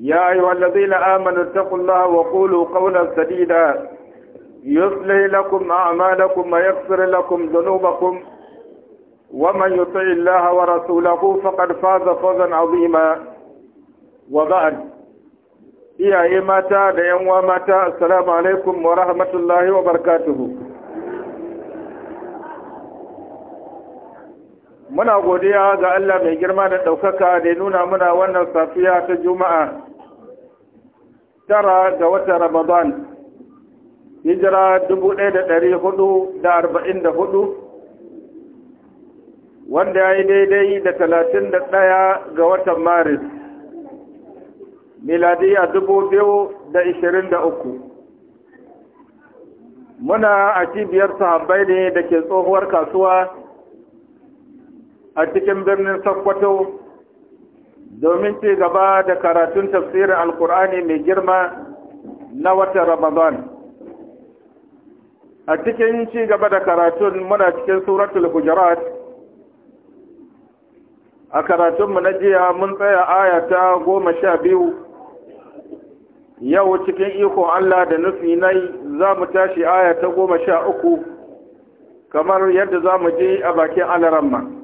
يا أيها الذين آمنوا اتقوا الله وقولوا قولا سديدا يصلح لكم أعمالكم ويغفر لكم ذنوبكم ومن يطع الله ورسوله فقد فاز فوزا عظيما وبعد يا mata da 'yan السلام عليكم ورحمة الله وبركاته muna godiya ga Allah mai girma da ɗaukaka da ya nuna muna wannan safiya ta juma'a tara ga wata ramadan hijira dubu ɗaya wanda ya yi daidai da talatin ga watan maris miladiya a biyu muna a cibiyar sahabbai ne da ke tsohuwar kasuwa a cikin birnin Sokoto domin ci gaba da karatun tafsirin Alkur'ani mai girma na watan Ramadan. A cikin ci gaba da karatun muna cikin suratul hujarat a karatunmu na jiya mun tsaya aya ta goma sha biyu yau cikin ikon Allah da nufi nai za mu tashi aya ta goma sha uku kamar yadda za mu je a bakin alaramman.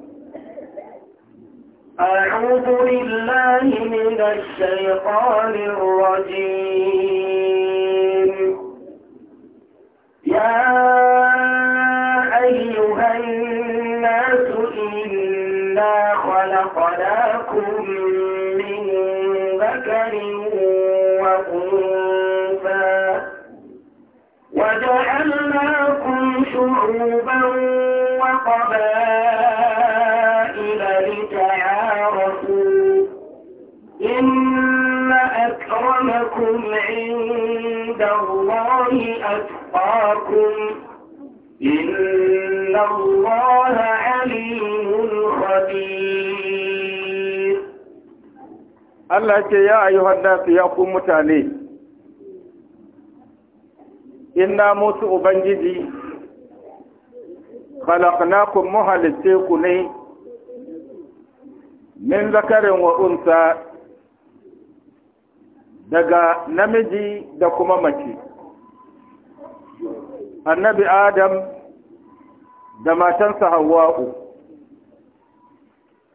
أعوذ بالله من الشيطان الرجيم يا أيها الناس إنا خلقناكم من ذكر وأنثى وجعلناكم شعوبا وقبائل إسلامكم عند الله أتقاكم ya الله عليم خبير الله يا أيها الناس يا قوم Inna musu Ubangiji, khalaqnakum ku ne, min zakarin wa’unsa daga namiji da kuma mace annabi adam da matansa hawa'u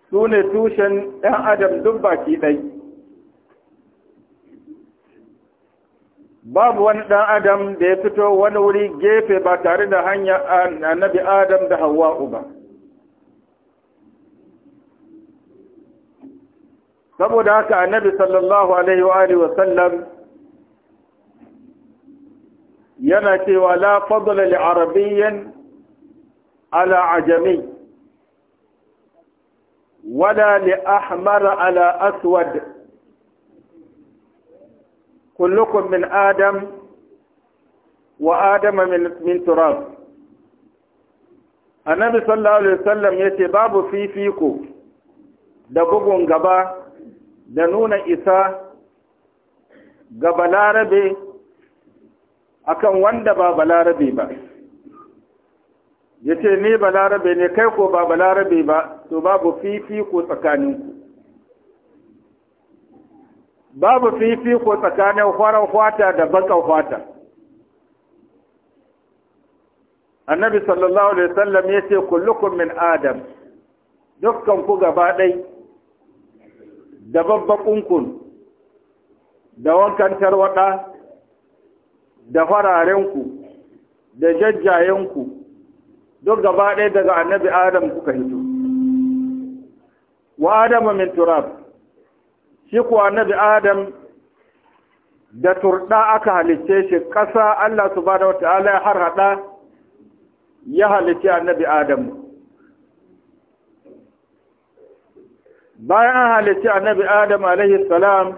Sune tushen ɗan adam duk baki ɗai babu wani ɗan adam da ya fito wani wuri gefe ba tare da hanya annabi adam da hawa'u ba saboda haka annabi sallallahu alaihi wa alihi wa sallam yana cewa la fadla li arabiyyin ala ajami wala li ahmar ala aswad kullukum min adam wa adama min min turab annabi sallallahu alaihi wasallam yace babu fifiko da bugun gaba da nuna isa ga balarabe akan wanda ba balarabe ba ya ce ni balarabe ne kai ko ba balarabe ba to babu fifiko tsakaninku babu fifiko tsakanin farar fata da bakan fata annabi sallallahu alaihi wasallam ya ce kullukum min adam dukkan ku gaba ɗaya da kun da wankan tarwaɗa da fararenku da jajjayenku duk gaba ɗaya daga annabi adam kuka hito wa adam min turab shi kuwa annabi adam da turɗa aka halicce shi ƙasa allah subhanahu wa ta'ala ya harhaɗa ya halicce annabi adam bayan an halitta annabi adam alaihi salam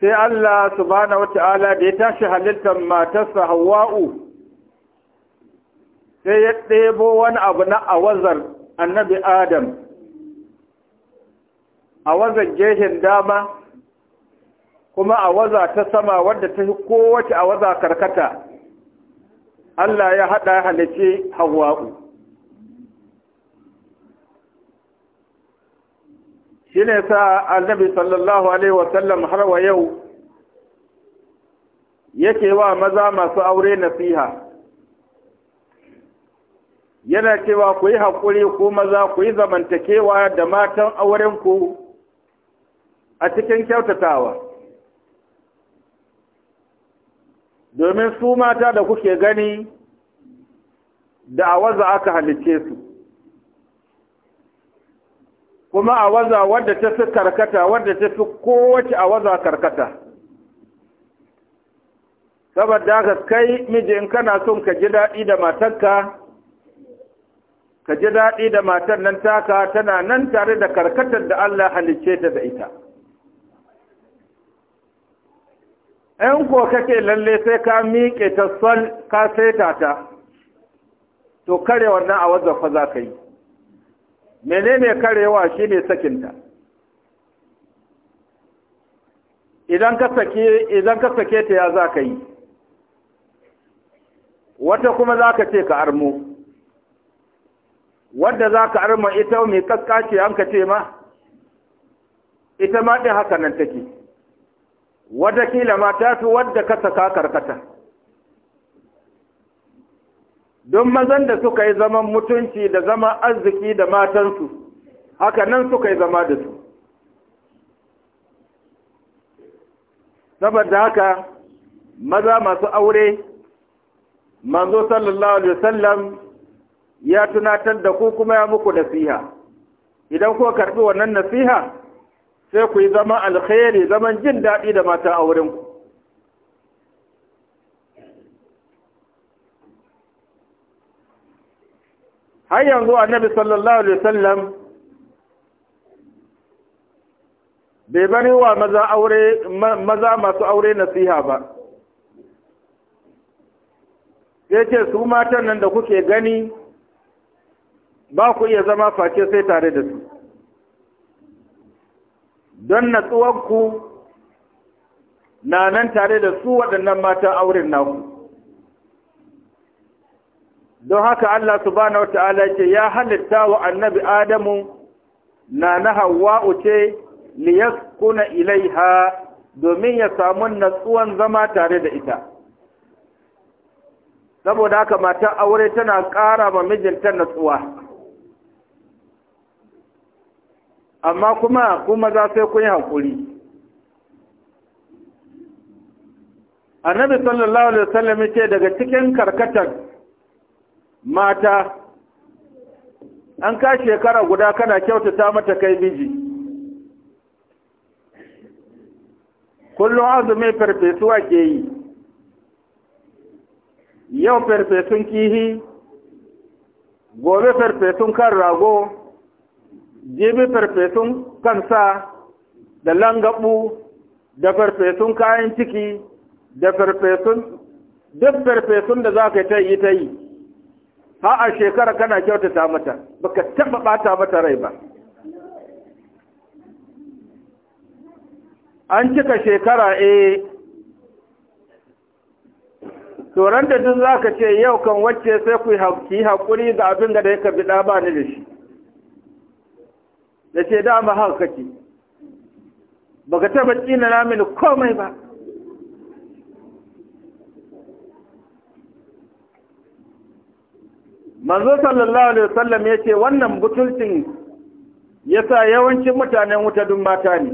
sai Allah subhanahu wata'ala da ya tashi halittar matarsa hawa'u sai ya ɗebo wani abu na awazar annabi adam awazar gehen dama kuma awaza ta sama wadda ta fi kowace waza karkata Allah ya haɗa halicci hawa'u shi ne sa annabi sallallahu alaihi wasallam har wa yau yake wa maza masu aure nasiha yana cewa ku yi haƙuri ku maza ku yi zamantakewa da matan aurenku a cikin kyautatawa domin su mata da kuke gani da a waza aka halice su kuma a waza wadda ta fi karkata wadda ta fi kowace a waza karkata saboda ka kai miji in kana son ka ji daɗi da matarka ka ji daɗi da matar nan taka tana nan tare da karkatar da Allah halicce ta da ita Yan ko kake lalle sai ka miƙe ta sol ka saita ta to kare wannan a wazafa za ka yi menene karewa shi ne sakinta idan ka sake idan ka sake ta ya za ka yi wata kuma za ka ce ka armo wadda za ka arma ita mai kaskace an ka ce ma ita ma ɗin haka nan take wata kila ma ta fi wadda ka saka karkata don mazan da suka yi zaman mutunci da zama arziki da matansu haka nan suka yi zama da su saboda haka maza masu aure manzo sallallahu alaihi wasallam ya tunatar da ku kuma ya muku nasiha idan kuka karɓi wannan nasiha sai ku yi zaman alkhairi zaman jin daɗi da mata aurenku har yanzu annabi sallallahu alaihi wasallam bai bari wa maza masu aure nasiha ba sai ce su matan nan da kuke gani ba ku iya zama face sai tare da su don natsuwanku na nan tare da su waɗannan matan auren naku don haka Allah subhanahu wata'ala ce ya halitta wa annabi Adamu na na uce ce ilaiha domin ya samu natsuwan zama tare da ita saboda haka matar aure tana ƙara ma mijinta natsuwa amma kuma kuma za sai kun yi hankuri annabi sallallahu alaihi wasallam ce daga cikin karkatar mata an ka shekara guda kana kyautata mata kai miji kullum azumi farfesuwa ke yi yau farfesun kihi gobe farfesun kan rago jibi farfesun kansa da langabu da farfesun kayan ciki da farfesun duk farfesun da za ka ta yi ta yi ha a shekara kana kyautata mata baka taba bata mata rai ba an cika shekara eh tsoron da duk za ka ce yau kan wacce sai ku yi haƙuri ga abin da ya kabi ba ni da shi da ce dama haka Baka tsina na mini komai ba manzo sallallahu alaihi wasallam yace wannan butulcin yasa yawancin mutanen wuta dun mata ne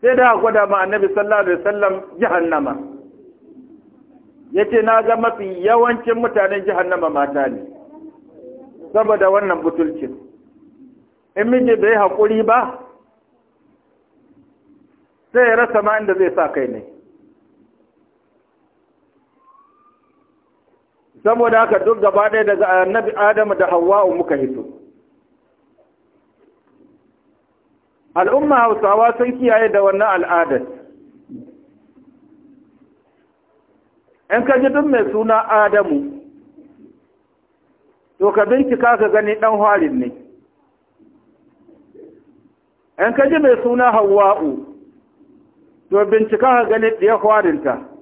sai da gwada ma annabi sallallahu alaihi wasallam jahannama yace na ga mafi yawancin mutanen jahannama mata ne saboda wannan butulcin in miji bai haƙuri ba sai ya rasa ma inda zai sa kai ne saboda haka duk gaba ɗaya daga annabi Adamu da Hawwa'u muka hito al'umma Hausawa sun kiyaye da wannan al'adar in ka ji duk mai suna Adamu to ka bincika ka gani ɗan harin ne in ka ji mai suna Hawwa'u to bincika ka gani ɗaya harinta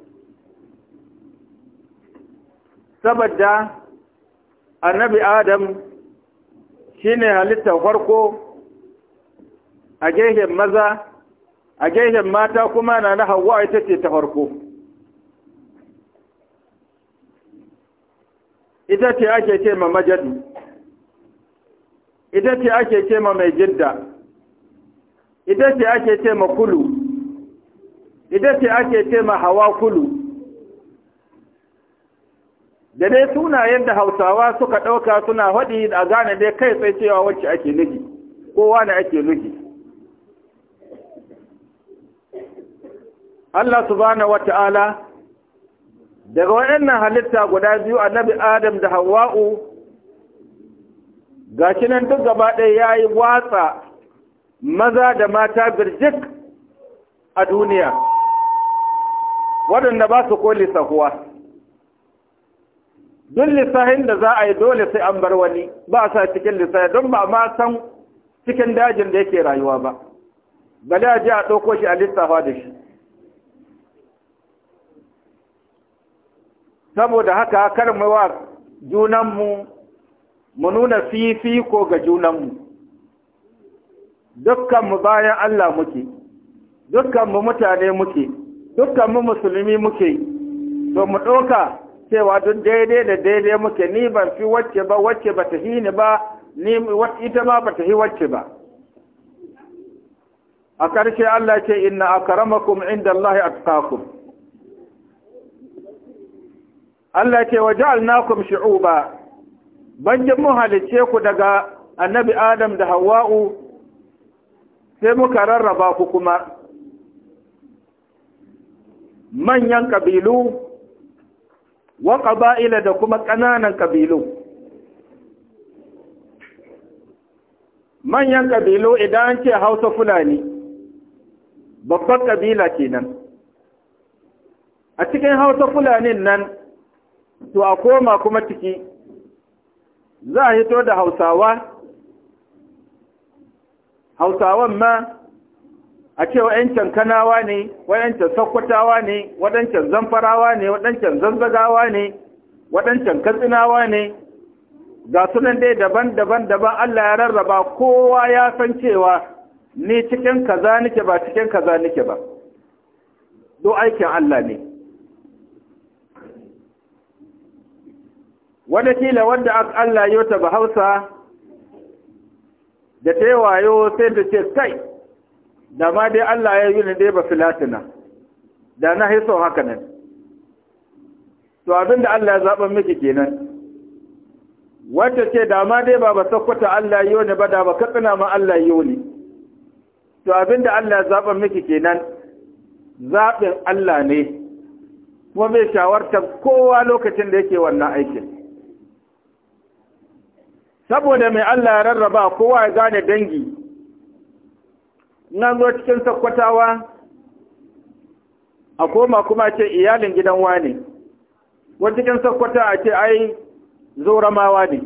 saboda annabi adam shine halittar farko a gehen maza a gehen mata kuma na na hawa ita ce ta farko ita ce ake ce ma majadi ita ce ake ce ma mai jidda ita ce ake ce ma kulu ita ce ake ce ma hawa kulu da dai sunayen da hausawa suka ɗauka suna haɗi a gane dai kai tsaye cewa wacce ake nufi kowa ne ake nufi Allah subhanahu wata'ala daga waɗannan halitta guda biyu annabi Adam da Hawwa'u gashi nan duk gaba ɗaya yayi watsa maza da mata birjik a duniya waɗanda ba su koli sahuwa. duk lissahin da za a yi dole sai an bar wani ba a sa cikin lissahin don ba ma san cikin dajin da yake rayuwa ba bale a je a ɗauko shi a lissafa da shi saboda haka kar mu wa junanmu mu nuna fifiko ga junanmu dukkanmu bayan Allah muke dukkanmu mutane muke dukkanmu musulmi muke to mu ɗauka cewa don daidai da daidai muke ni ban fi wacce ba wacce ba ta hini ba ni ita ma ba ta hi wacce ba a ƙarshe Allah ce inna akramakum inda Allah ya atqakum Allah ce waja'alnakum shu'uba ban ji mu halice ku daga annabi Adam da Hawwa'u sai muka rarraba ku kuma manyan kabilu wa ƙaba'ila da kuma ƙananan ƙabilu manyan ƙabilu idan an ce hausa fulani babban ƙabila kenan a cikin hausa fulanin nan to a koma kuma ciki za a hito da hausawa hausawan ma a ce wa'yancan kanawa ne wa'yancan sakkwatawa ne waɗancan zamfarawa ne waɗancan zanzagawa ne waɗancan katsinawa ne ga sunan dai daban-daban daban Allah ya rarraba kowa ya san cewa ni cikin kaza nake ba cikin kaza nake ba do aikin Allah ne wanda kila wanda Allah ya ta ba Hausa da ta wayo sai da ce kai da ma dai Allah ya yi ne dai ba filatina da na haiso haka nan to abinda Allah ya zaɓa miki kenan wanda ce da ma dai ba ba sakkwata Allah yi ni ba da ba katsina ma Allah yi ni to abinda Allah ya zaɓa miki kenan zaɓin Allah ne kuma bai shawarta kowa lokacin da yake wannan aikin saboda mai Allah ya rarraba kowa ya gane dangi na zo cikin sakkwatawa a koma kuma ce iyalin gidan wani, wani cikin sakkwata a ce ai zoramawa ne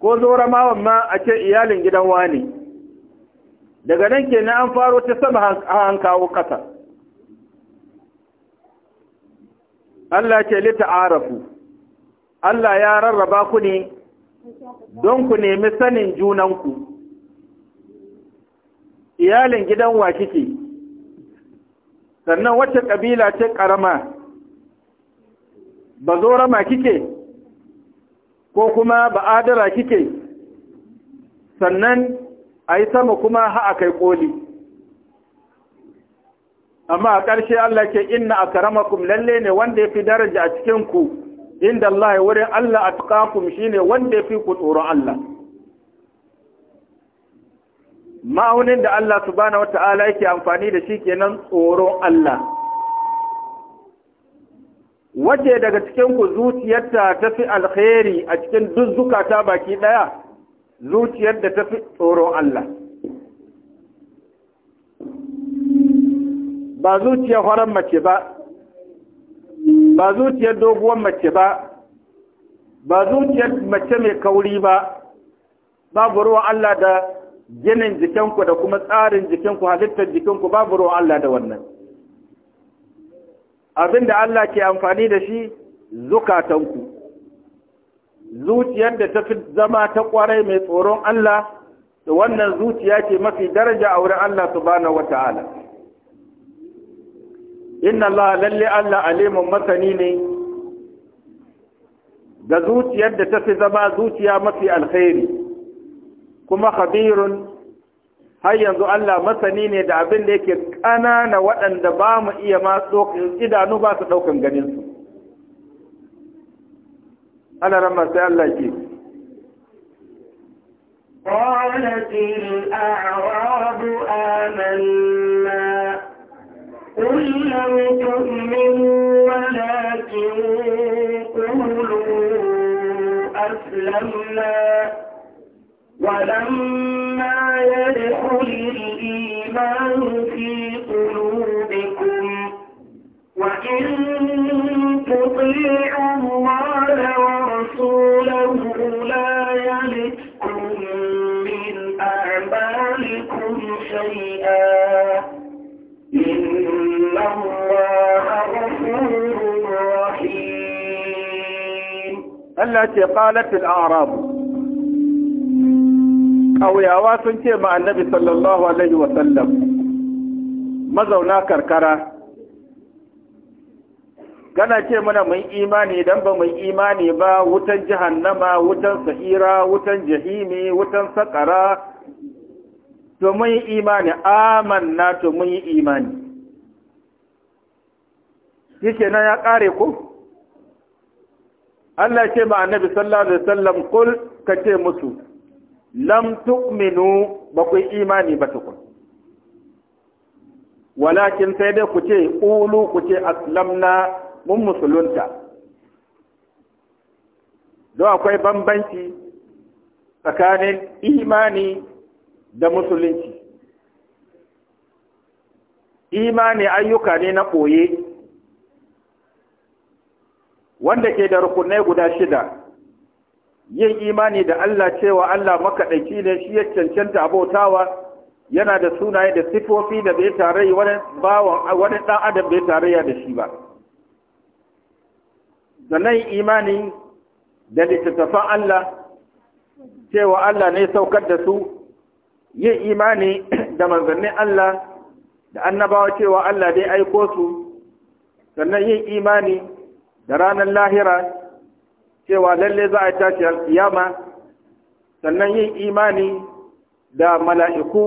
ko zoramawan ma a ce iyalin gidan wani. daga nan ke na an faro ta sama a kawo kasa Allah ce lita arafu Allah ya rarraba ku ne don ku nemi sanin junanku iyalin gidan wa kike sannan wacce kabila ce karama ba zorama kike ko kuma ba adara kike sannan a yi sama kuma ha'a kai koli amma a ƙarshe Allah ke inna a karamakum lalle ne wanda ya fi daraja a cikinku inda Allah ya wurin Allah a tukakum shi ne wanda ya fi ku tsoron Allah ma'aunin da Allah subhanahu wata'ala yake amfani da shi kenan tsoron Allah waje daga cikin ku zuciyarta ta fi alkhairi a cikin duk zukata baki ɗaya zuciyar da ta fi tsoron Allah ba zuciyar horon mace ba ba zuciyar doguwar mace ba ba zuciyar mace mai kauri ba babu ruwan Allah da ginin jikinku da kuma tsarin jikinku halittar jikinku babu ruwan Allah da wannan abin da Allah ke amfani da shi zukatanku zuciyar da ta fi zama ta kwarai mai tsoron Allah da wannan zuciya ce mafi daraja a wurin Allah subhanahu wata'ala inna Allah lalle Allah alimun masani ne Da zuciyar da ta fi zama zuciya mafi alkhairi kuma khabirun har yanzu Allah masani ne da abin da yake ƙanana waɗanda ba mu iya ma idanu ba su ɗaukan ganinsu. Ana rama sai Allah ke. قالت الأعراب آمنا قل لم تؤمنوا ولكن قولوا أسلمنا ولما يدخل الإيمان في قلوبكم وإن تطيعوا الله ورسوله لا يلدكم من أعمالكم شيئا إن الله غفور رحيم التي قالت الأعراب ƙauyawa sun ce ma annabi sallallahu alaihi wasallam mazauna karkara gana ce mana mun imani idan ba mun imani ba wutan jahannama wutan sa'ira wutan jahimi wutan sakara to mun yi imani amanna to mun yi imani shi nan ya kare ku Allah ce ma annabi sallallahu alaihi wasallam kul ka ce musu lam tu'minu ba ku imani ba tukun walakin sai dai ku ce ƙulu ku ce aslamna mun musulunta don akwai bambanci tsakanin imani da musulunci imani ayyuka ne na ɓoye wanda ke da rukunai guda shida yin imani da Allah cewa Allah makaɗaici ne shi ya cancanta abotawa yana da sunaye da sifofi da bai tarayi wani wani ɗan adam bai tarayya da shi ba sannan imani da littattafan Allah cewa Allah ne saukar da su yin imani da manzannin Allah da annabawa cewa Allah dai aiko su sannan yin imani da ranar lahira cewa lalle za a tashi alkiyama sannan yin imani da mala'iku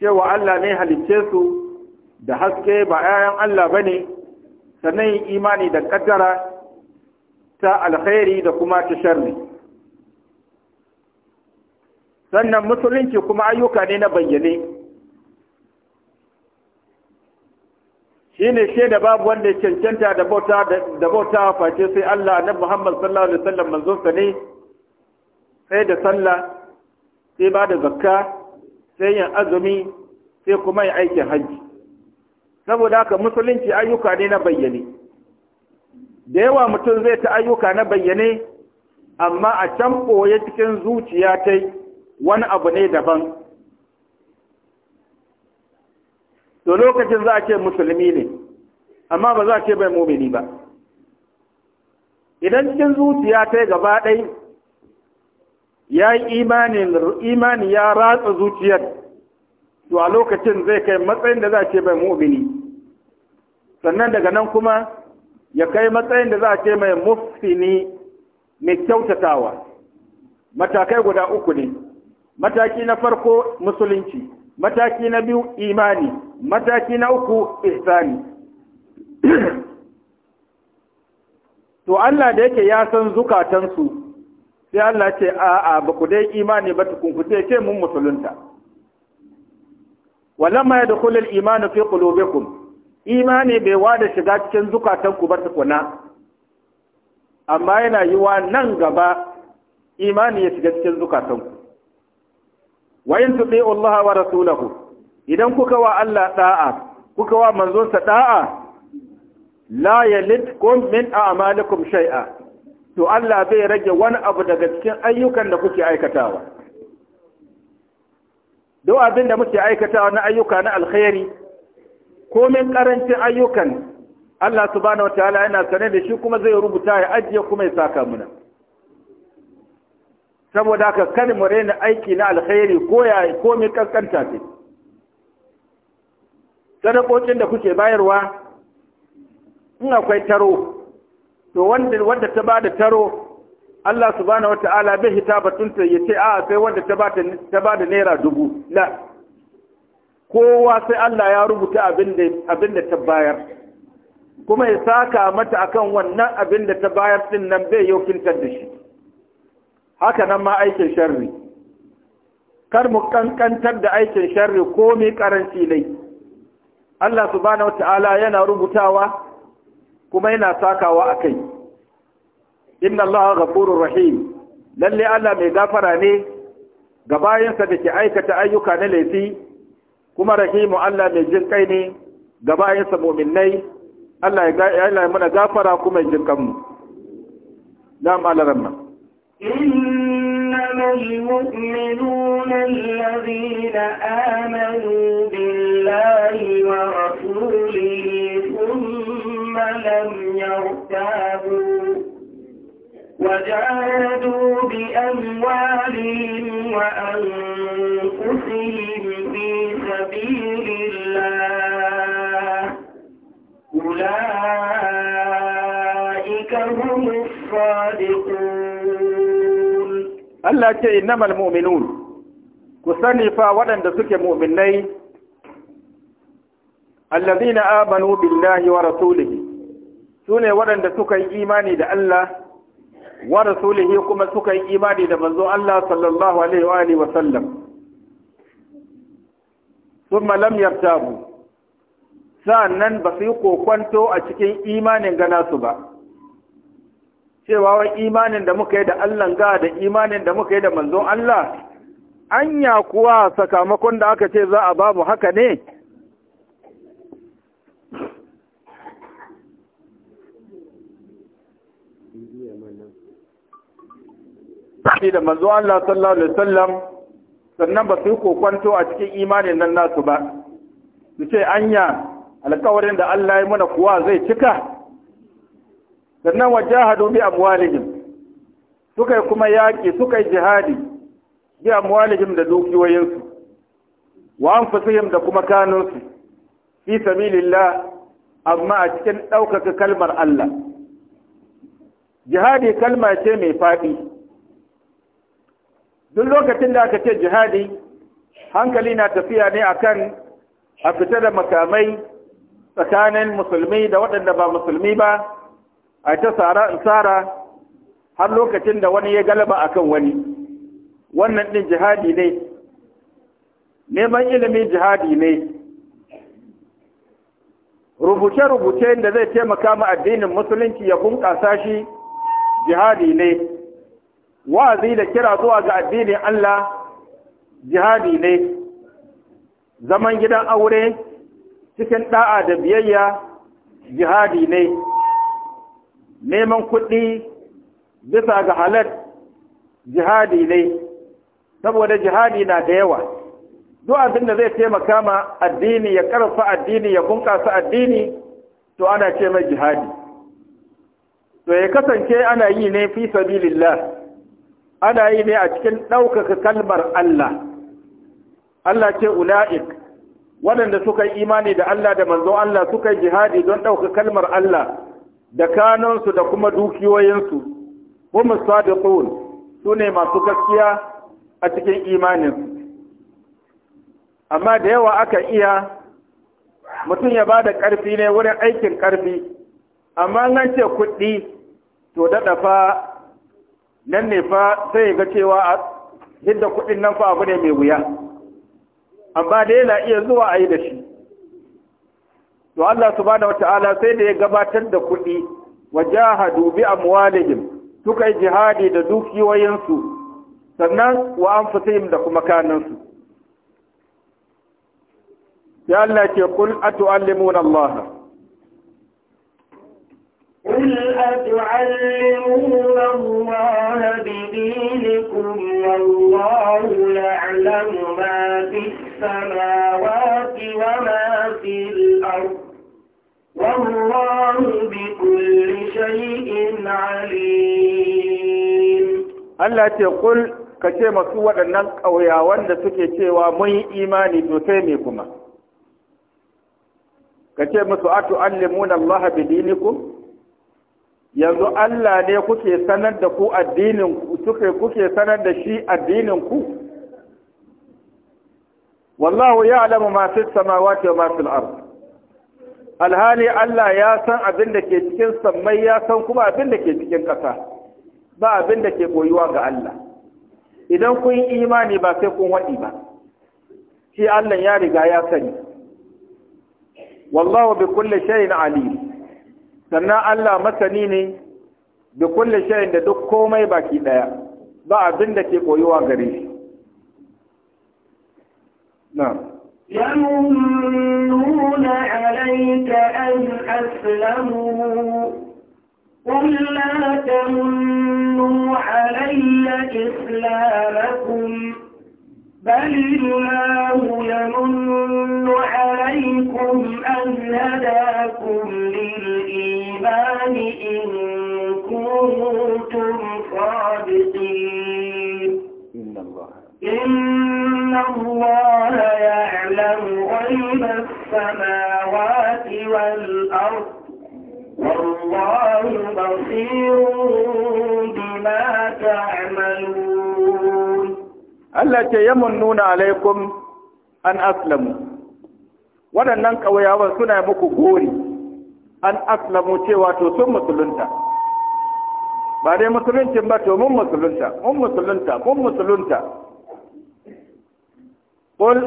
cewa Allah ne halicce su da haske ba ‘ya'yan Allah ba ne sannan yin imani da ƙaddara ta alkhairi da kuma ta sharri sannan musulunci kuma ayyuka ne na bayyane ke shaida babu wanda cancanta da bauta da bauta face sai Allah na Muhammad sallallahu alaihi wasallam manzon sa ne sai da sallah sai ba da zakka sai yin azumi sai kuma yin aikin hajji saboda haka musulunci ayyuka ne na bayyane da yawa mutum zai ta ayyuka na bayyane amma a can ɓoye cikin zuciya ta wani abu ne daban to lokacin za a ce musulmi ne amma ba za a ce bai mumini ba idan cikin zuciya ta gaba ɗai ya yi imani ya ratsa zuciyar to a lokacin zai kai matsayin da za a ce bai mumini sannan daga nan kuma ya kai matsayin da za a ce mai mufsini mai kyautatawa matakai guda uku ne mataki na farko musulunci mataki na biyu imani mataki na uku ihsani to Allah da yake ya san zukatansu sai Allah ce a'a ba ku dai imani ba tukunku sai ce mun musulunta walamma yadkhul al-iman fi qulubikum imani bai wada shiga cikin zukatanku ba tukuna amma yana yiwa nan gaba imani ya shiga cikin zukatanku wa in tuti'u Allah wa rasulahu idan kuka wa Allah ɗa'a, kuka wa manzonsa ɗa'a? la ya yalidkum min a'malikum shai’a, to Allah zai rage wani abu daga cikin ayyukan da kuke aikatawa Do abin da muke aikatawa na ayyuka na alkhairi komin ƙarancin ayyukan Allah subhanahu wataala yana sane da shi kuma zai rubuta ya ajiye kuma ya saka muna saboda haka kada mu raina aiki na alkhairi ko ya ko mai kankanta ce sadakokin da kuke bayarwa in akwai taro to wanda wanda ta bada taro Allah subhanahu wataala bai hitabatun ya yace a sai wanda ta bada ta bada naira dubu la kowa sai Allah ya rubuta abin da abin da ta bayar kuma ya saka mata akan wannan abin da ta bayar din nan bai yaukintar da shi haka nan ma aikin sharri kar mu kankantar da aikin sharri ko mai karanci ne. Allah subhanahu wata'ala yana rubutawa kuma yana sakawa akai inna Allah ghafurur rahim lalle Allah mai gafara ne ga bayansa da ke aikata ayyuka na laifi kuma rahimu Allah mai jin kai ne ga bayansa mu'minnai Allah ya Allah ya mana gafara kuma jin kanmu na'am alaramma إنما المؤمنون الذين آمنوا بالله ورسوله ثم لم يرتابوا وجاهدوا بأموالهم وأنفسهم في سبيل الله أولئك هم الصادقون Allah ce innamal mu'minun ku sani fa waɗanda suke mu'minai allazina amanu billahi wa rasulihi sune waɗanda suka yi imani da Allah wa rasulihi kuma suka yi imani da manzo Allah sallallahu alaihi wa alihi wa sallam thumma lam yartabu sa'annan ba su yi kokwanto a cikin imanin gana su ba cewa wa imanin da muka yi da Allah ga da imanin da muka yi da manzon Allah anya kuwa sakamakon da aka ce za a ba mu haka ne Shi da manzon Allah sallallahu alaihi wasallam sannan ba su yi kokwanto a cikin imanin nan nasu ba su ce anya alkawarin da Allah ya mana kuwa zai cika sannan wajahadu bi amwalihim suka yi kuma yaƙi suka yi jihadi bi amwalihim da dukiyoyinsu wa anfusihim da kuma kanunsu fi sabilillah amma a cikin ɗaukaka kalmar Allah jihadi kalma ce mai faɗi duk lokacin da aka ce jihadi hankali na tafiya ne akan a fita da makamai tsakanin musulmi da waɗanda ba musulmi ba a ta tsara in har lokacin da wani ya galaba akan wani wannan din jihadi ne neman ilimin jihadi ne rubuce-rubuce da zai taimaka ma addinin musulunci ya bunƙasa shi jihadi ne wa'azi da kira zuwa ga addinin Allah jihadi ne zaman gidan aure cikin da'a da biyayya jihadi ne neman kuɗi bisa ga halar jihadi ne saboda jihadi na da yawa duk abin da zai taimaka ma addini ya karfa addini ya bunƙasa addini to ana ce mai jihadi to ya kasance ana yi ne fi sabilillah ana yi ne a cikin ɗaukaka kalmar Allah Allah ce ula'ik waɗanda suka yi imani da Allah da manzo Allah suka yi jihadi don ɗauka kalmar Allah da kanansu da kuma dukiyoyinsu hum sadiqun su masu gaskiya a cikin imaninsu amma da yawa aka iya mutum ya bada da ƙarfi ne wurin aikin ƙarfi amma nan ce kuɗi to daɗa fa nan ne fa sai ga cewa a hidda kuɗin nan fa abu ne mai wuya amma da yana iya zuwa ayi da shi to Allah subhanahu wataala sai da ya gabatar da kuɗi wajahadu bi amwalihim suka yi jihadi da dukiyoyinsu sannan wa anfusihim da kuma kanansu ya Allah ce kul atu'allimuna Allah قل أتعلمون الله بدينكم والله يعلم ما في السماوات وما في الأرض والله بكل شيء عليم الله تقول kace masu waɗannan ƙauyawan da suke cewa mun yi imani to sai me kuma kace ce musu atu allimuna allaha bidinikum yanzu Allah ne kuke sanar da ku addinin suke kuke sanar da shi addinin ku wallahu ya'lamu ma fi samawati wa ma al ard alhali Allah ya san abin da ke cikin sammai ya san kuma abin da ke cikin ƙasa ba abin da ke boyuwa ga Allah idan kun yi imani ba sai kun waɗi ba shi Allah ya riga ya sani wallahu bi kulli shay'in alim sannan Allah masani ne da kulle shayin da duk komai baki ɗaya ba abin da ke koyuwa gare shi na يمنون عليك أن أسلموا قل لا تمنوا علي إسلامكم بل الله يمن عليكم أن هداكم للإيمان إن كنتم صادقين إن الله يعلم غيب السماوات والأرض والله بصير بما تعملون Allah ce yamun nuna alaikum an aslamu waɗannan ƙauyawan suna muku gori an aslamu cewa to sun musulunta ba dai musuluncin ba to mun musulunta mun musulunta mun musulunta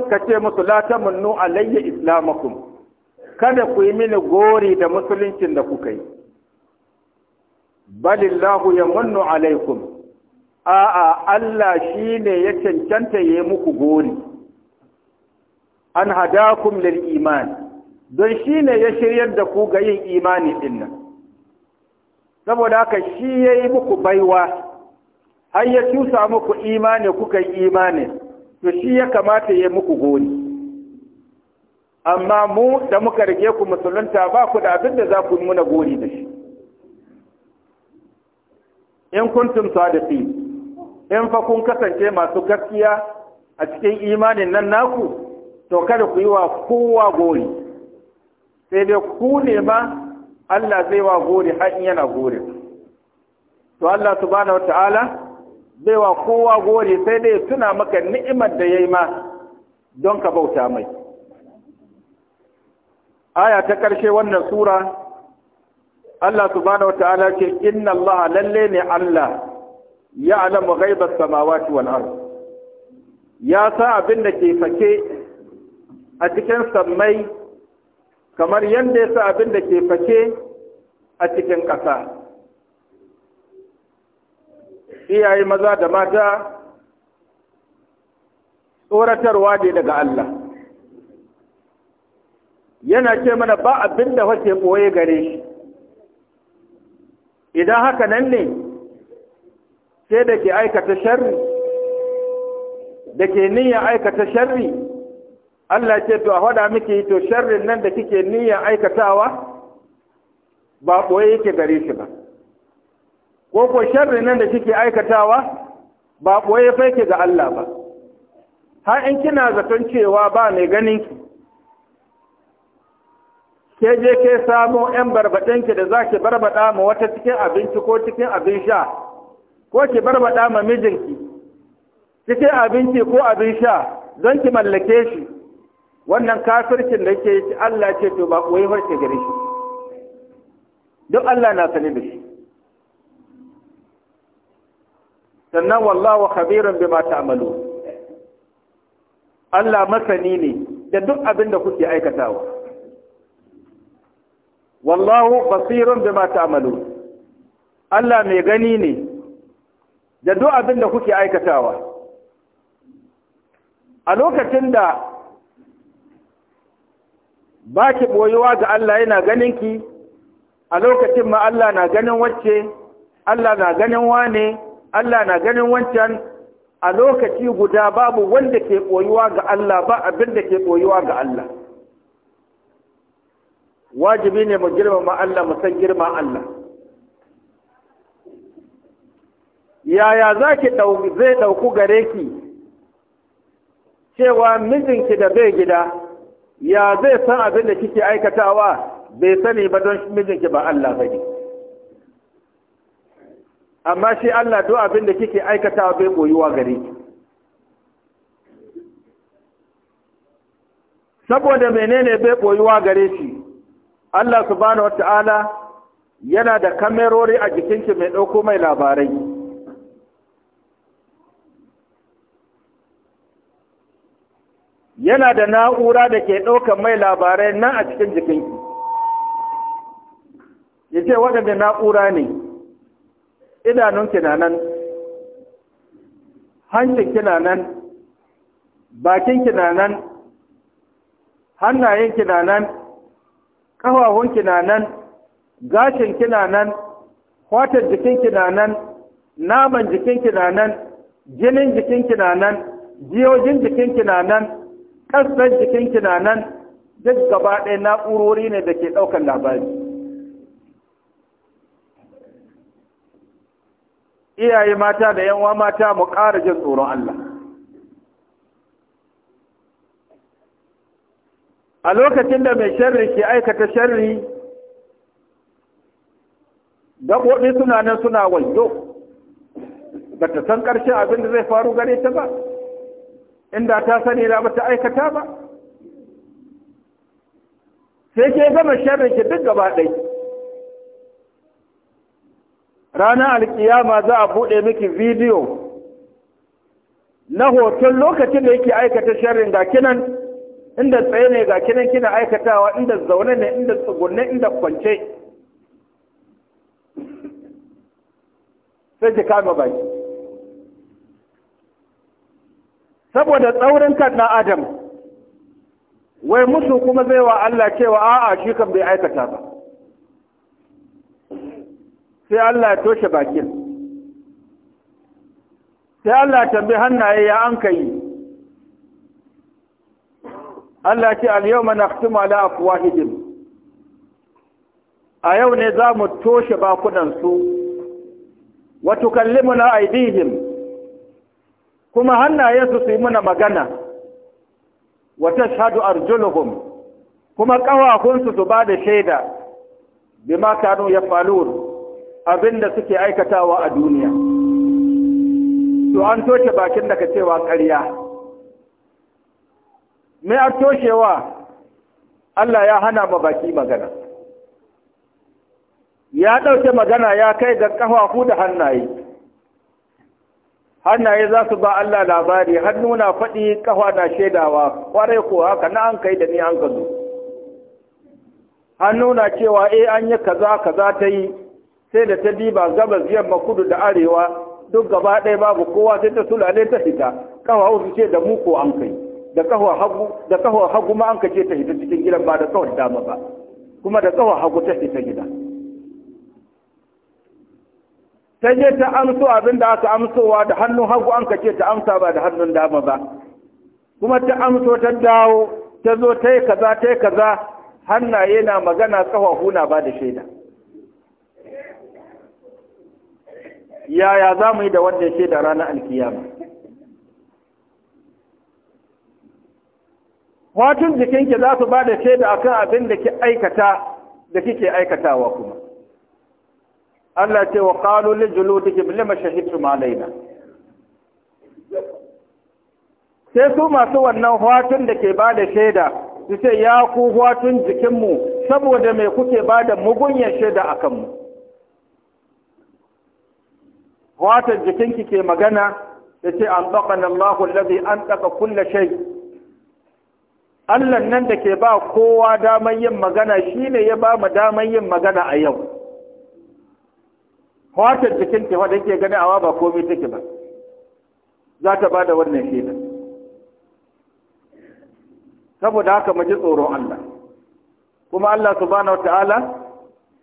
ka ce musu la tamannu alayya islamakum kada ku yi mini gori da musuluncin da kuka yi balillahu ya munnu alaikum a'a Allah shi ne ya cancanta ya yi muku gori an hadakum lil iman don shi ne ya shiryar da ku ga yin imani ɗin nan saboda haka shi ya yi muku baiwa har ya cusa muku imani kuka yi imani to shi ya kamata ya yi muku gori amma mu da muka rike ku musulunta ba ku da abin da za ku muna gori da shi in kuntum sadiqin in fa kun kasance masu gaskiya a cikin imanin nan naku to kada ku yi wa kowa gori sai dai ku ne ma Allah zai wa gori har yana gori to Allah subhanahu wataala zai wa kowa gori sai dai tuna maka ni'imar da yayi ma don ka bauta mai aya ta karshe wannan sura Allah subhanahu wataala ce inna Allah lalle ne Allah ya'lamu ghaibas samawati wal ard ya sa abin da ke fake a cikin sammai kamar yadda ya sa abin da ke fake a cikin ƙasa iyaye maza da mata tsoratarwa ne daga Allah yana ce mana ba abin da wace ɓoye gare shi idan haka nan ne ke da ke aikata sharri da ke niyyar aikata sharri Allah ce to a hada miki to sharrin nan da kike niyya aikatawa ba ɓoye yake gare shi ba ko ko sharri nan da kike aikatawa ba ɓoye fa yake ga Allah ba har in kina zaton cewa ba mai ganin ki ke je ke samo 'yan barbaɗinki da za ki barbaɗa ma wata cikin abinci ko cikin abin sha ko ki barbaɗa ma mijinki cikin abinci ko abin sha don ki mallake shi wannan kafircin da ke ci Allah ce to ba koyi harke gare shi duk Allah na sani da shi sannan wallahu khabirun bima ta'malu Allah masani ne da duk abin da kuke aikatawa wallahu basirun bima ta'malu Allah mai gani ne da duk abin da kuke aikatawa a lokacin da ba ki boyuwa ga Allah yana ganinki a lokacin ma Allah na ganin wacce Allah na ganin wane Allah na ganin wancan a lokaci guda babu wanda ke boyuwa ga Allah ba abin da ke boyuwa ga Allah wajibi ne mu girmama Allah mu san girma Allah yaya za ki zai ɗauku gare ki cewa mijinki da bai gida ya zai san abin da kike aikatawa bai sani ba don mijinki ba Allah ba ne amma shi Allah duk abin da kike aikatawa bai koyuwa gare ki saboda menene bai koyuwa gare shi Allah subhanahu wata'ala yana da kamerori a jikinki mai ɗauko mai labarai yana da na'ura da ke ɗaukar mai labarai nan a cikin jikinki ya ce waɗanda na'ura ne idanunki na nan hancinki na nan bakinki na nan hannayenki na nan ƙafafunki na nan gashinki na nan fatar jikinki na nan naman jikinki na nan jinin jikinki na nan jiyojin jikinki na nan ƙasar jikinki na nan duk gaba ɗaya na'urori ne da ke ɗaukar labari iyaye mata da yanwa mata mu ƙara jin tsoron Allah a lokacin da mai sharri ke aikata sharri gaɓoɓi suna nan suna wajo ba ta san ƙarshen abin da zai faru gare ta ba inda ta sani da bata aikata ba sai ke gama sharrin ki duk gaba ɗai ranar alkiyama za a buɗe miki bidiyo na hoton lokacin da yake aikata sharrin ga kinan inda tsaye ne ga kinan kina aikatawa inda zaune ne inda tsugunne inda kwance sai ki kama baki saboda tsaurin kan na adam wai musu kuma zai wa Allah cewa a'a shi kan bai aikata ba sai Allah ya toshe bakin sai Allah ya tambi hannaye ya an kai Allah ce al-yawma nakhtimu ala afwahihim a yau ne za mu toshe bakunansu wa tukallimuna aydihim kuma hannayensu su yi muna magana wa tashhadu arjuluhum kuma ƙawakunsu su ba da shaida ma kanu yafalun abinda suke aikatawa a duniya to an toshe bakin da ka cewa ƙarya me a toshewa Allah ya hana ma baki magana ya ɗauke magana ya kai ga ƙafafu da hannaye hannaye za su ba Allah labari har nuna faɗi ƙafa na shaidawa kwarai ko haka na an kai da ni an gazo har nuna cewa eh an yi kaza kaza ta yi sai da ta diba gabas yamma kudu da arewa duk gaba ɗaya babu kowa sai ta sulale ta fita ƙafa wasu ce da mu ko an kai da ƙafa hagu da hagu ma an kace ta fita cikin gidan ba da kawar dama ba kuma da kafa hagu ta fita gida ta je ta amso abin da aka amsowa da hannun hagu an kace ta amsa ba da hannun dama ba kuma ta amso ta dawo ta zo ta yi kaza ta yi kaza hannaye na magana kafafu na ba da shaida yaya za mu yi da wannan shaida ranar alkiyama Watun jikinki za su ba da shaida akan abin da ki aikata da kike aikatawa kuma Allah ce wa qalu li juludikum lima ma laina. sai su masu wannan hwatun da ke ba da shaida su ce ya ku hwatun jikinmu saboda mai kuke ba da mugunyar shaida a kanmu hwatun jikinki ke magana da ce an tsakan Allahu lazi an tsaka kulle shai Allah nan da ke ba kowa damar yin magana shi ne ya ba mu damar yin magana a yau fatar cikin ta wadda ke gani awa ba komai take ba za ta ba da wannan shaida saboda haka mu ji tsoron Allah kuma Allah subhanahu wataala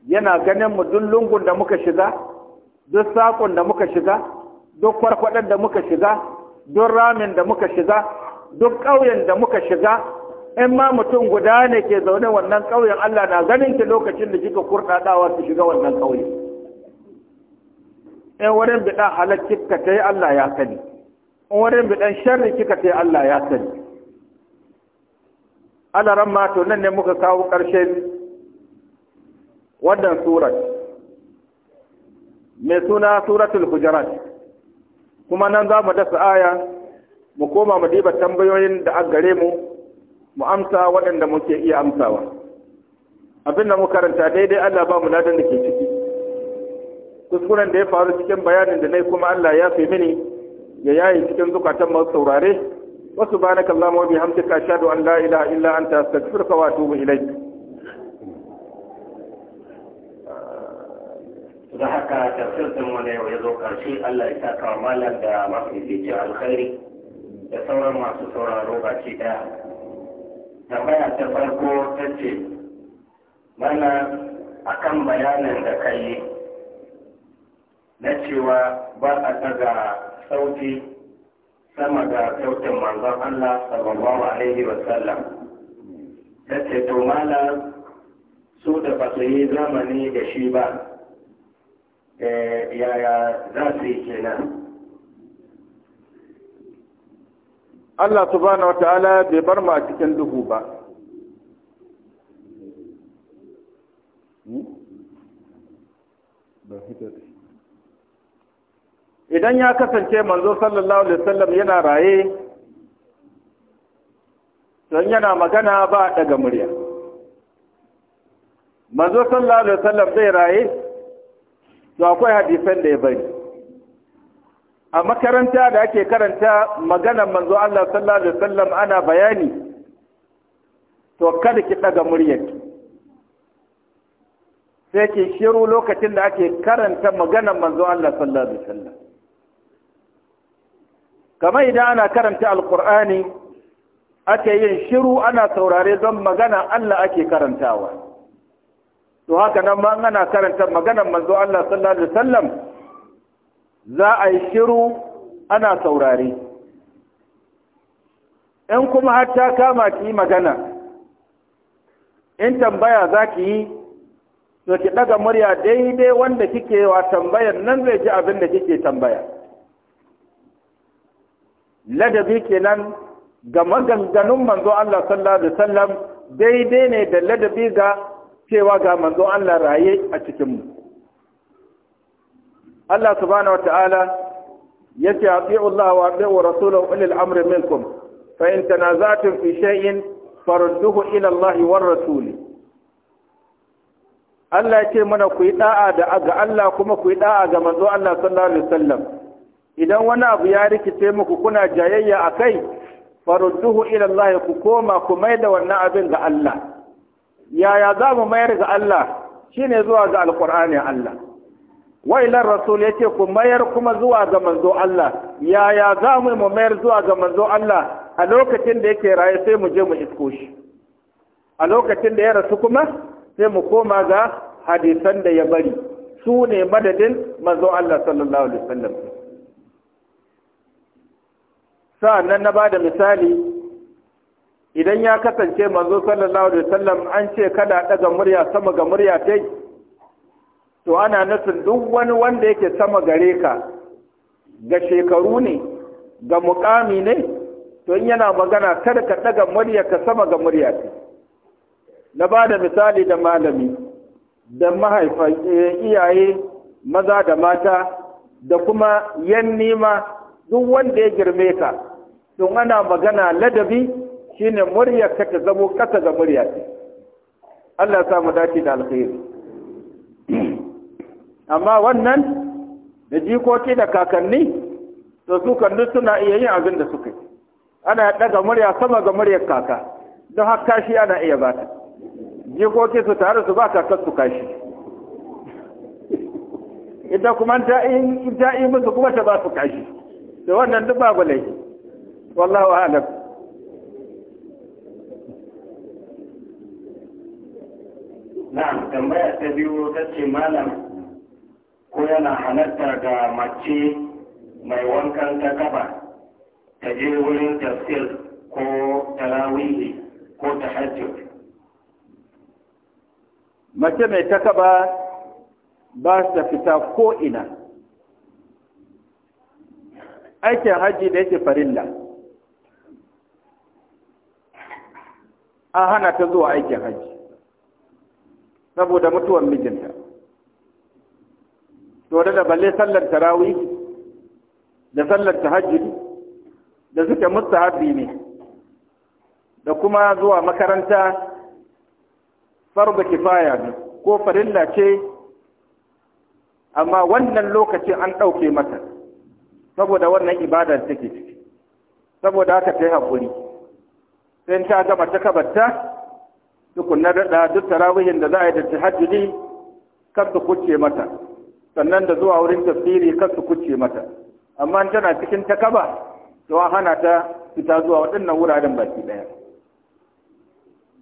yana ganin mu duk lungun da muka shiga duk sakon da muka shiga duk kwarkwadon da muka shiga duk ramin da muka shiga duk ƙauyen da muka shiga in ma mutum guda ne ke zaune wannan ƙauyen Allah na ganin ki lokacin da kika kurɗaɗawa su shiga wannan ƙauye in wurin biɗan halakki ka ta yi Allah ya sani in wurin biɗan sharri kika ta yi Allah ya sani alaran ma to nan ne muka kawo ƙarshen wannan surat mai suna suratul hujarat kuma nan za mu dasa aya mu koma mu diba tambayoyin da an gare mu mu amsa waɗanda muke iya amsawa abin da mu karanta daidai Allah ba mu ladan da ke ciki kuskuren da ya faru cikin bayanin da nai kuma Allah ya fi mini ya yayi cikin zukatan masu saurare wasu banaka Allah wa bihamdika ashhadu an la ilaha illa anta astaghfiruka wa atubu ilaik da haka tafsir din mu ya zo karshe Allah ya saka malam da masu mafificin alkhairi da sauran masu sauraro ba ɗaya. daya tambaya ta farko ta ce mana akan bayanin da kai na cewa ba a daga sauti sama ga sautin manzon Allah sallallahu alaihi wa sallam ta ce to malam su da ba su yi zamani da shi ba eh, yaya za su yi kenan Allah subhanahu wa ta'ala bai bar mu a cikin duhu ba hmm? ba idan ya kasance manzo sallallahu alaihi wasallam yana raye don yana magana ba daga murya manzo sallallahu alaihi wasallam zai raye to akwai hadisan da ya bari a makaranta da ake karanta maganar manzo Allah sallallahu alaihi wasallam ana bayani to kada ki daga murya sai ki shiru lokacin da ake karanta maganar manzo Allah sallallahu alaihi wasallam kamar idan ana karanta alkur'ani ake yin shiru ana saurare don magana Allah ake karantawa to haka nan ma ana karanta maganar manzo Allah sallallahu alaihi wasallam za a yi shiru ana saurare in kuma har ta kama ki magana in tambaya za ki yi to ki daga murya daidai wanda kike wa tambayar nan zai ji abin da kike tambaya ladabi kenan ga maganganun manzo Allah sallallahu alaihi wasallam daidai ne da ladabi ga cewa ga manzo Allah raye a cikinmu Allah subhanahu wata'ala ce, ati'u Allah wa ati'u rasulahu ulil amri minkum fa in tanaza'tum fi shay'in farudduhu ila Allah war rasul Allah yace mana ku yi da'a da ga Allah kuma ku yi da'a ga manzo Allah sallallahu alaihi wasallam idan wani abu ya rikice muku kuna jayayya a kai farudduhu ila Allah ku koma ku mai da wannan abin ga Allah yaya za mu mayar ga Allah shine zuwa ga alqur'ani Allah wa ila rasul yace ku mayar kuma zuwa ga manzo Allah yaya za mu mu mayar zuwa ga manzo Allah a lokacin da yake raye sai mu je mu isko shi a lokacin da ya rasu kuma sai mu koma ga hadisan da ya bari su ne madadin manzo Allah sallallahu alaihi wasallam nan na bada misali idan ya kasance manzo sallallahu alaihi wasallam an ce kada daga murya sama ga murya tai to ana nufin duk wani wanda yake sama gare ka ga shekaru ne ga mukami ne to in yana magana kada ka daga murya ka sama ga murya tai na bada misali da malami da mahaifa eh, iyaye maza da mata da kuma yan nima duk wanda ya girme ka don ana magana ladabi shine muryar ka ta zamo kasa ga murya ce Allah ya mu dace da alkhairi amma wannan da jikoki da kakanni to su kan suna iya yin abin da suka yi ana daga murya sama ga muryar kaka don har kashi ana iya ta jikoki su tare su ba kakar su kashi Idan kuma ta yi musu kuma ta ba su kashi da wannan duk babu laifi wallahu alam na'am tambaya ta biyu ta malam ko yana halatta ga mace mai wankan ta kaba ta je wurin tafsir ko tarawihi ko tahajjud mace mai takaba ba su ta fita ko'ina aikin hajji da yake farilla an hana ta zuwa aikin hajji saboda mutuwar mijinta to da balle sallar tarawi da sallar tahajjud da suke mustahabbi ne da kuma zuwa makaranta farba kifaya ne ko farilla ce amma wannan lokacin an ɗauke mata saboda wannan ibadar take ciki saboda haka ta yi haƙuri sai ta gama ta kabarta tukun na daɗa duk tarawihin da za a yi da tahajjudi kar su kuce mata sannan da zuwa wurin tafsiri kar su kuce mata amma tana cikin takaba to an hana ta fita zuwa waɗannan wuraren baki ɗaya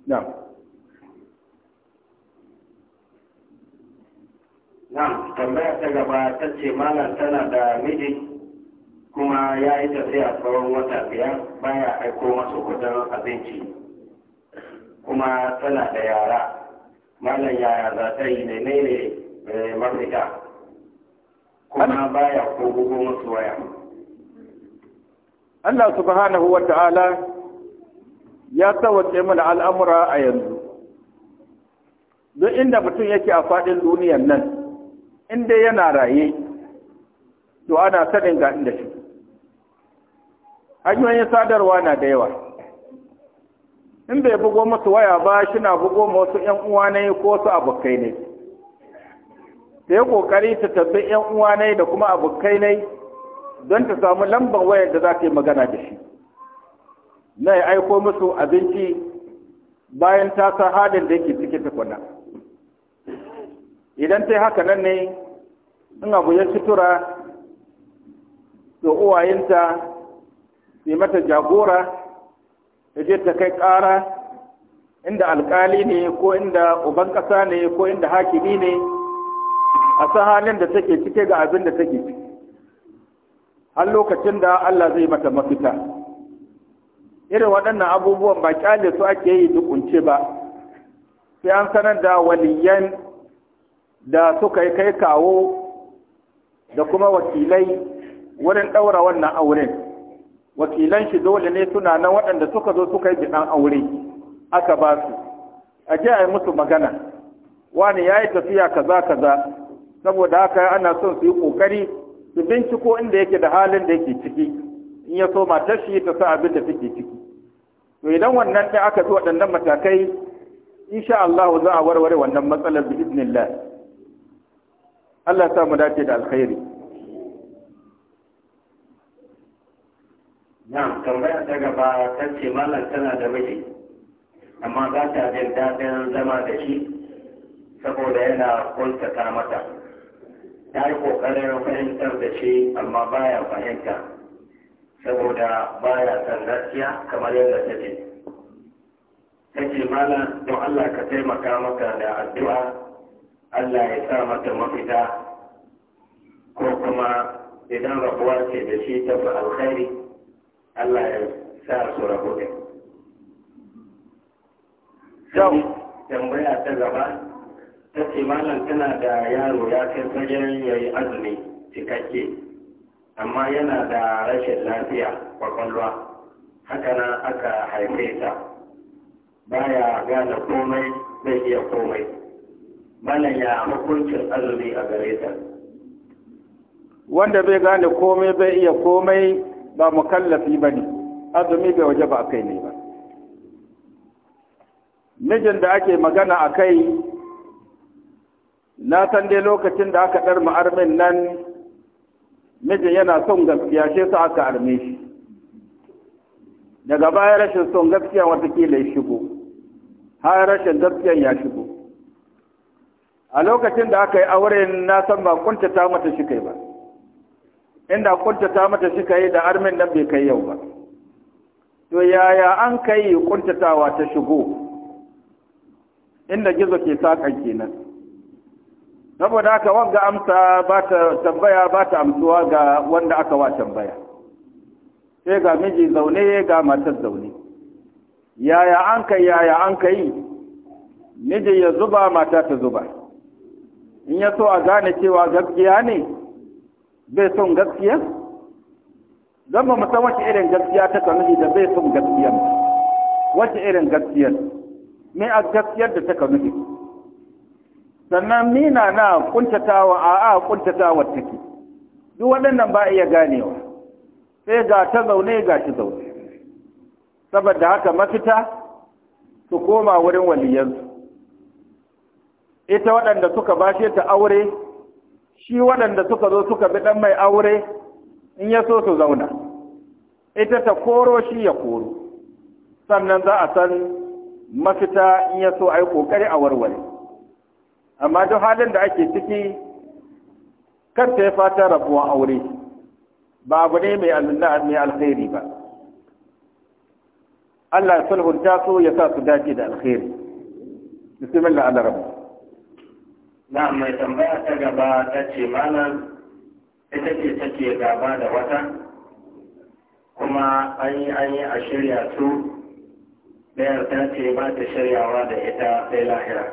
na'am na'am tambaya ta gaba ta ce malam tana da miji kuma ya yi tafiya tsawon wata biyar baya aiko masu kudin abinci kuma tana da yara malam yaya za ta yi ne ne eh, mafita kuma baya ko bugo masu waya Allah subhanahu wa ta'ala ya tsawace mana al'amura a yanzu don inda mutum yake a faɗin duniyan nan inda yana raye to ana sanin ga inda shi hanyoyin sadarwa na da yawa in bai bugo musu waya ba na bugo masu yan uwa ne ko su abokai ne ta yi kokari ta tabbi yan uwa ne da kuma abokai ne don ta samu lambar wayar da za ta yi magana da shi na ya aiko musu abinci bayan ta sa halin da yake cikin tukuna idan ta yi haka nan ne in abu ya sutura to uwayenta su mata jagora ta je ta kai ƙara inda alƙali ne ko inda uban ƙasa ne ko inda hakimi ne a san halin da take cike ga abin da take ciki har lokacin da Allah zai mata mafita irin waɗannan abubuwan ba kyale su ake yi dukunce ba sai an sanar da waliyan da suka yi kai kawo da kuma wakilai wurin ɗaura wannan auren wakilan shi dole ne suna nan waɗanda suka zo suka yi biɗan aure aka ba su a je a yi musu magana wani ya yi tafiya kaza kaza saboda haka ana son su yi ƙoƙari su binciko inda yake da halin da yake ciki in ya so matar shi ta sa abin da take ciki to idan wannan ɗin aka bi waɗannan matakai insha Allah za a warware wannan matsalar bi idnillah Allah ya sa mu dace da alkhairi na tambaya ta gaba ta ce malam tana da miji amma za ta jin daɗin zama da shi saboda yana kuntata mata ta yi ƙoƙarin fahimtar da shi amma baya fahimta saboda baya san gaskiya kamar yadda ta ce ta ce malam don Allah ka taimaka maka da addu'a Allah ya sa mata mafita ko kuma idan rabuwa ce da shi ta fi alkhairi Allah ya sa su rabu ne. Sau, tambaya ta gaba, ta ce malam tana da yaro ya kai fagen ya yi azumi cikakke, amma yana da rashin lafiya kwakwalwa, haka na aka haife ta, baya gane komai zai iya komai. Malam ya hukuncin azumi a gare ta. Wanda bai gane komai bai iya komai ba mukallafi ba ne azumi bai waje ba a kai ne ba mijin da ake magana a kai na san dai lokacin da aka ɗar ma'armin nan mijin yana son gaskiya shi sa aka arme shi daga baya rashin son gaskiya watakila ya shigo har rashin gaskiya ya shigo a lokacin da aka yi auren na san ba ta mata shi kai ba inda kuntata mata suka yi da armin nan bai kai yau ba to yaya an kai kuntatawa ta shigo inda gizo ke sakan kenan saboda haka wanga amsa ba ta tambaya ba ta amsuwa ga wanda aka wa tambaya sai ga miji zaune ga matar zaune yaya an kai yaya an kai miji ya zuba mata ta zuba in ya so a gane cewa gaskiya ne bai son gaskiya don ba san wace irin gaskiya ta kanu da bai son gaskiya wace irin gaskiyar me a gaskiyar da ta kanuhi sannan nina na kuntatawa a a kuntatawa take duk waɗannan ba iya ganewa sai ga ta zaune ga shi zaune saboda haka mafita su koma wurin waliyansu ita waɗanda suka bashe ta aure shi waɗanda suka zo suka bi ɗan mai aure in ya so su zauna ita ta koro shi ya koro sannan za a san mafita in ya so a yi ƙoƙari a warware amma duk halin da ake ciki kar ta yi fata rabuwan aure ba abu ne mai alkhairi ba Allah ya sulhunta su ya sa su dace da alkhairi bismillah Allah na mai tambaya ta gaba ta ce malam ita ce take gaba da wata kuma an yi an yi a shirya su ɗayar ta ce ba ta shiryawa da ita sai lahira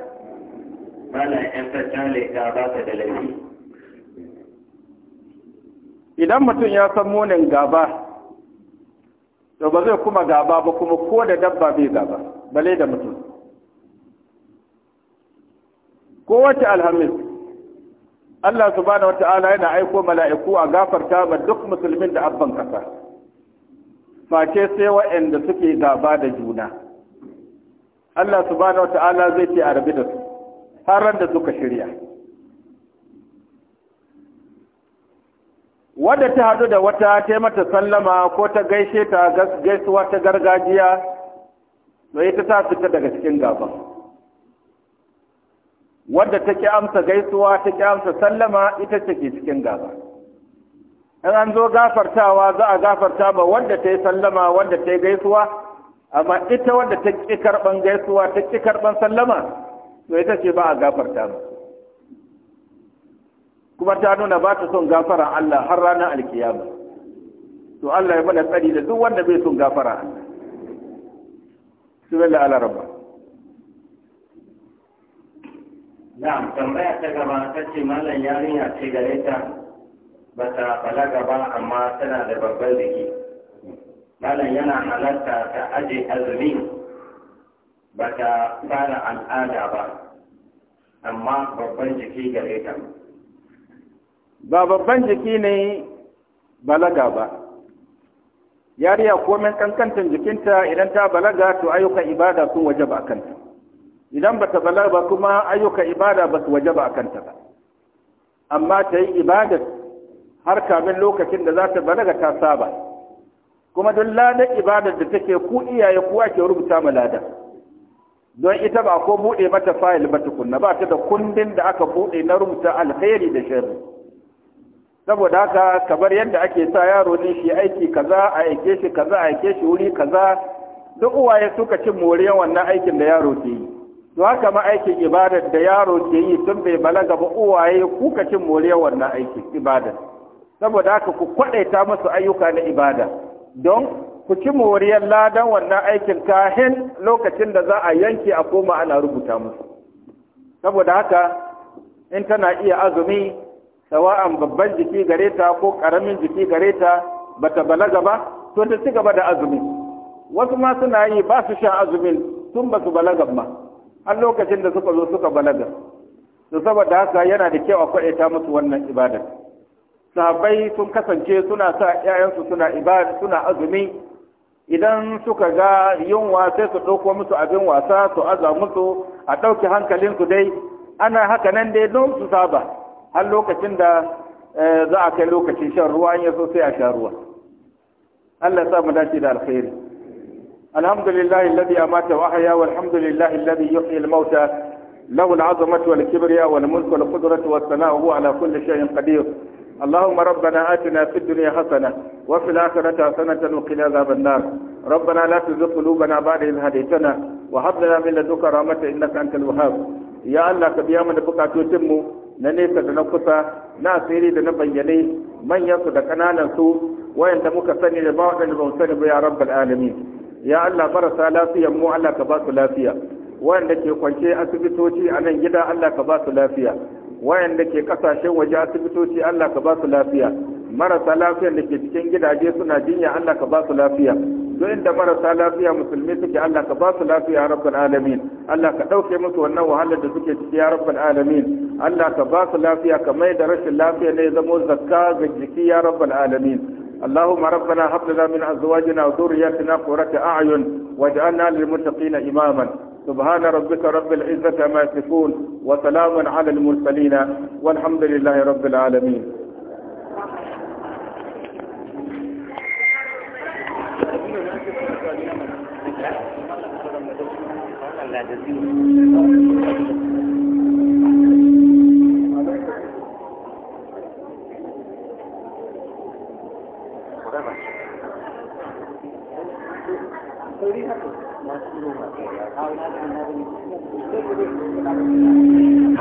malam yan tattale ta ba ta da laifi idan mutum ya san munin gaba to ba zai kuma gaba ba kuma ko da dabba bai gaba bale da mutum Ko kowace alhamis Allah subhanahu wata'ala yana aiko mala'iku a gafarta ba duk musulmin da abban kasa face sai waɗanda suke gaba da juna Allah subhanahu wata'ala zai ce a rabi da su har ran da suka shirya wadda ta hadu da wata ta mata sallama ko ta gaishe ta gaisuwa ta gargajiya to ita ta fita daga cikin gaban wadda ta ki amsa gaisuwa ta ki amsa sallama ita ce ke cikin gaba in an zo gafartawa za a gafarta ba wadda ta yi sallama wadda ta yi gaisuwa amma ita wadda ta ki karban gaisuwa ta ki karban sallama to ita ce ba a gafarta ba. kuma ta nuna ba ta son gafara Allah har ranar alkiyama to Allah ya mana tsari da duk wanda bai son gafara Allah subhanallahi ala rabbah na'am tambaya ta gaba ta ce mallam yarinya ce gare ta ba ta balaga ba amma tana da babban jiki malam yana halarta ta aje azumi ba ta fara al'ada ba amma babban jiki gare ta ba babban jiki ne balaga ba yariya komen kankantar jikinta idan ta balaga to ayyukan ibada sun waje ba kanta idan ba ta bala ba kuma ayyuka ibada ba su waje ba a kanta ba amma ta yi ibadar har kamin lokacin da za ta balaga ta saba kuma don ladar ibadar da take ku iyaye ku ake rubuta ma ladar don ita ba ko buɗe mata fayil ba tukunna ba ta da kundin da aka buɗe na rubuta alheri da sharri saboda haka kamar yadda ake sa yaro ne shi aiki kaza a aike shi kaza a aike shi wuri kaza duk uwaye suka cin moriyar wannan aikin da yaro ke yi don haka ma aikin ibadar da yaro ke yi tun bai balaga ba uwaye kuka cin moriyar wannan aiki ibadar saboda haka ku kwaɗaita masu ayyuka na ibada don ku ci moriyar ladan wannan aikin kahin lokacin da za a yanke a koma ana rubuta musu saboda haka in tana iya azumi sawa'an babban jiki gareta ko ƙaramin jiki gare ta bata balaga ba to ta ci gaba da azumi wasu ma suna yi ba su sha azumin tun ba su balaga ba har lokacin da suka zo suka balaga to saboda haka yana da kyau a kwaɗaita musu wannan ibada sahabbai sun kasance suna sa ƴaƴansu suna ibada suna azumi idan suka ga yunwa sai su ɗauko musu abin wasa su aza musu a ɗauki hankalinsu dai ana haka nan dai don su saba har lokacin da eh, za a kai lokacin shan ruwa in ya sosai sai a sha ruwa Allah ya sa mu dace da alkhairi الحمد لله الذي أمات وأحيا والحمد لله الذي يحيي الموتى له العظمة والكبرياء والملك والقدرة والثناء هو على كل شيء قدير اللهم ربنا آتنا في الدنيا حسنة وفي الآخرة حسنة وقنا عذاب النار ربنا لا تزغ قلوبنا بعد إذ هديتنا وهب لنا من لدنك رحمة إنك أنت الوهاب يا الله كبيا من بكاتو تمو na nesa da na kusa na asiri da na bayyane manyansu da kananan su wayanda muka sani da ba waɗanda ba mu sani ba ya rabbal alamin ya Allah marasa lafiya mu Allah ka ba su lafiya wayanda ke kwance asibitoci a nan gida Allah ka ba su lafiya wayanda ke kasashen waje asibitoci Allah ka ba su lafiya marasa lafiyan da ke cikin gidaje suna jinya Allah ka ba su lafiya duk inda marasa lafiya musulmi suke Allah ka ba su lafiya ya rabbal alamin Allah ka dauke musu wannan wahalar da suke ciki ya rabbal alamin Allah ka ba su lafiya ka mai da rashin lafiya ne zamo zakka ga jiki ya rabbal alamin اللهم ربنا هب لنا من أزواجنا وذرياتنا قرة أعين واجعلنا للمتقين إماما سبحان ربك رب العزة ما يصفون وسلام على المرسلين والحمد لله رب العالمين Thank you. مشروع